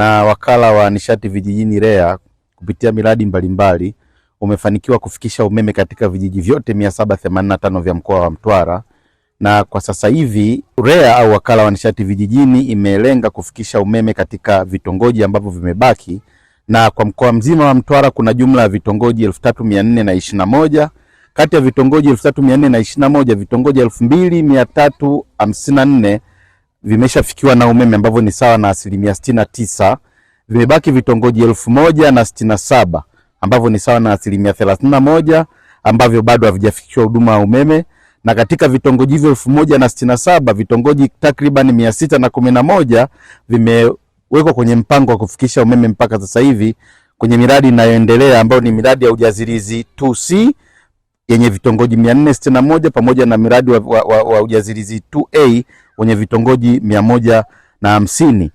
na wakala wa nishati vijijini REA kupitia miradi mbalimbali umefanikiwa kufikisha umeme katika vijiji vyote 785 vya mkoa wa Mtwara, na kwa sasa hivi REA au wakala wa nishati vijijini imelenga kufikisha umeme katika vitongoji ambavyo vimebaki, na kwa mkoa mzima wa Mtwara kuna jumla ya vitongoji 3421 kati ya vitongoji 3421 vitongoji 2354 vimeshafikiwa na umeme ambavyo ni sawa na asilimia sitini na tisa. Vimebaki vitongoji elfu moja na sitini na saba ambavyo ni sawa na asilimia thelathini na moja ambavyo bado havijafikishwa huduma ya umeme, na katika vitongoji hivyo elfu moja na sitini na saba vitongoji takriban mia sita na kumi na moja vimewekwa kwenye mpango wa kufikisha umeme mpaka sasa hivi kwenye miradi inayoendelea ambayo ni miradi ya ujazirizi 2C yenye vitongoji mia nne sitini moja pamoja na miradi wa, wa, wa, wa ujazirizi 2A wenye vitongoji mia moja na hamsini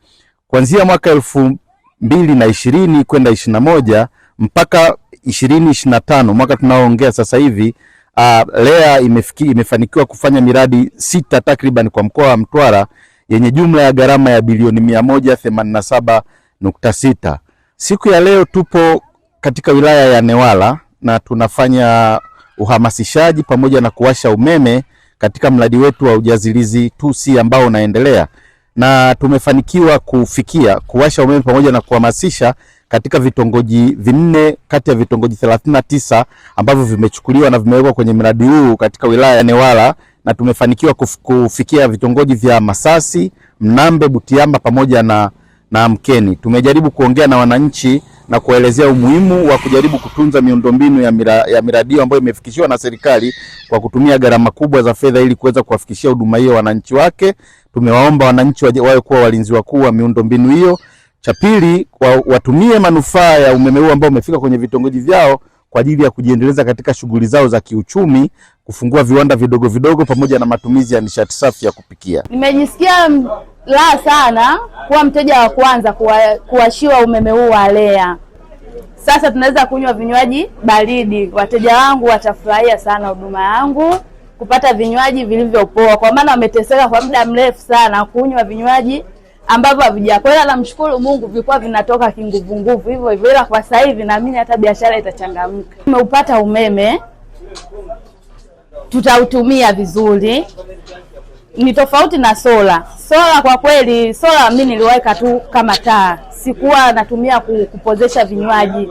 kuanzia mwaka elfu mbili na ishirini kwenda ishirini na moja mpaka ishirini ishirini na tano mwaka tunaoongea sasa hivi. Uh, REA imefiki, imefanikiwa kufanya miradi sita takriban kwa mkoa wa Mtwara yenye jumla ya gharama ya bilioni mia moja themanini na saba nukta sita. Siku ya leo tupo katika wilaya ya Newala na tunafanya uhamasishaji pamoja na kuwasha umeme katika mradi wetu wa Ujazilizi 2C ambao unaendelea na tumefanikiwa kufikia kuwasha umeme pamoja na kuhamasisha katika vitongoji vinne kati ya vitongoji 39 ambavyo vimechukuliwa na vimewekwa kwenye mradi huu katika wilaya ya Newala, na tumefanikiwa kufikia vitongoji vya Masasi, Mnambe, Butiama pamoja na, na Mkeni. Tumejaribu kuongea na wananchi na kuelezea umuhimu wa kujaribu kutunza miundombinu ya, mira, ya miradi ambayo imefikishiwa na serikali kwa kutumia gharama kubwa za fedha ili kuweza kuwafikishia huduma hiyo wananchi wake. Tumewaomba wananchi wawe kuwa walinzi wakuu wa miundombinu hiyo. Cha pili, watumie manufaa ya umeme huu ambao umefika kwenye vitongoji vyao kwa ajili ya kujiendeleza katika shughuli zao za kiuchumi, kufungua viwanda vidogo vidogo, pamoja na matumizi ya nishati safi ya kupikia. Nimejisikia raha sana kuwa mteja wa kwanza kuwashiwa umeme huu wa REA. Sasa tunaweza kunywa vinywaji baridi. Wateja wangu watafurahia sana huduma yangu kupata vinywaji vilivyopoa, kwa maana wameteseka kwa muda mrefu sana kunywa vinywaji ambavyo havijakwenda, kwa hiyo namshukuru Mungu vilikuwa vinatoka kinguvunguvu hivyo hivyo, ila kwa sasa hivi naamini hata biashara itachangamka. Tumeupata umeme, tutautumia vizuri, ni tofauti na sola. Sola kwa kweli, sola mimi niliweka tu kama taa, sikuwa natumia kupozesha vinywaji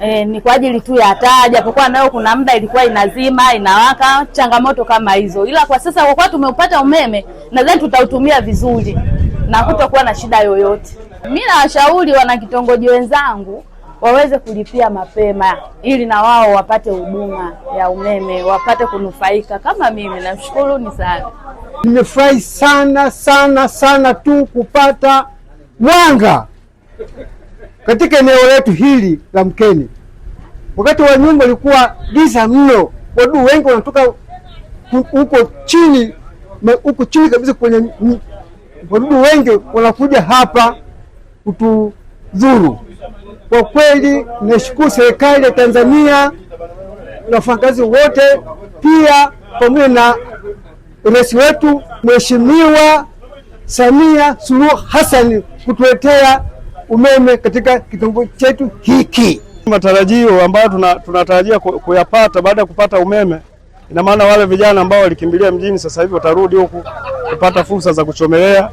e, ni kwa ajili tu ya taa, japokuwa nayo kuna muda ilikuwa inazima inawaka, changamoto kama hizo, ila kwa sasa kwa kuwa tumeupata umeme, nadhani tutautumia vizuri na kutokuwa na shida yoyote. Mimi nawashauri wanakitongoji wenzangu waweze kulipia mapema ili na wao wapate huduma ya umeme, wapate kunufaika kama mimi. Namshukuruni sana, nimefurahi sana sana sana tu kupata mwanga katika eneo letu hili la Mkeni. Wakati wa nyuma ulikuwa giza mno, waduu wengi wanatoka huko chini, huko chini kabisa kwenye wadudu wengi wanakuja hapa kutudhuru. Kwa kweli nashukuru serikali ya Tanzania na wafanyakazi wote, pia pamoja na rais wetu Mheshimiwa Samia Suluhu Hassan kutuletea umeme katika kitongoji chetu hiki. Matarajio ambayo tunatarajia tuna kuyapata baada ya kupata umeme, ina maana wale vijana ambao walikimbilia mjini sasa hivi watarudi huku kupata fursa za kuchomelea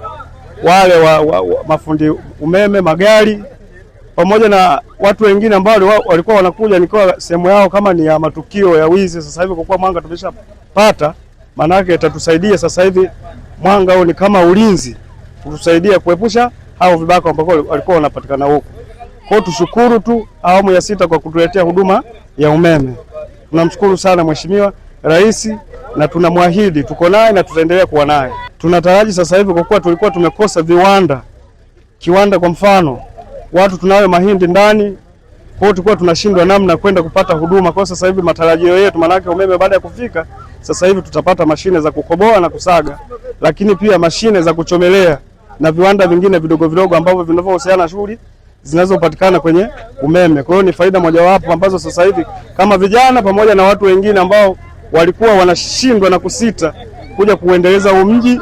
wale wa, wa, wa, mafundi umeme, magari pamoja na watu wengine ambao walikuwa wanakuja, nikiwa sehemu yao kama ni ya matukio ya wizi. Sasa hivi kwa kuwa mwanga tumeshapata, maana yake itatusaidia sasa hivi mwanga huu ni kama ulinzi kutusaidia kuepusha hao vibaka ambao walikuwa wanapatikana huko. Kwa tushukuru tu awamu ya sita kwa kutuletea huduma ya umeme. Tunamshukuru sana Mheshimiwa Rais na tunamwahidi tuko naye na tutaendelea kuwa naye tunataraji sasa hivi, kwa kuwa tulikuwa tumekosa viwanda, kiwanda kwa mfano, watu tunayo mahindi ndani, kwao, tulikuwa tunashindwa namna kwenda kupata huduma. Kwa sasa hivi matarajio yetu, maanake umeme baada ya kufika sasa hivi tutapata mashine za kukoboa na kusaga, lakini pia mashine za kuchomelea na viwanda vingine vidogo vidogo ambavyo vinavyohusiana na shughuli zinazopatikana kwenye umeme. Kwa hiyo ni faida mojawapo ambazo sasa hivi kama vijana pamoja na watu wengine ambao walikuwa wanashindwa na kusita kuja kuendeleza huu mji,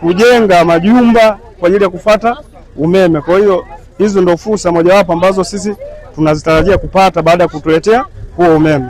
kujenga majumba kwa ajili ya kufata umeme. Kwa hiyo hizo ndio fursa mojawapo ambazo sisi tunazitarajia kupata baada ya kutuletea huo umeme.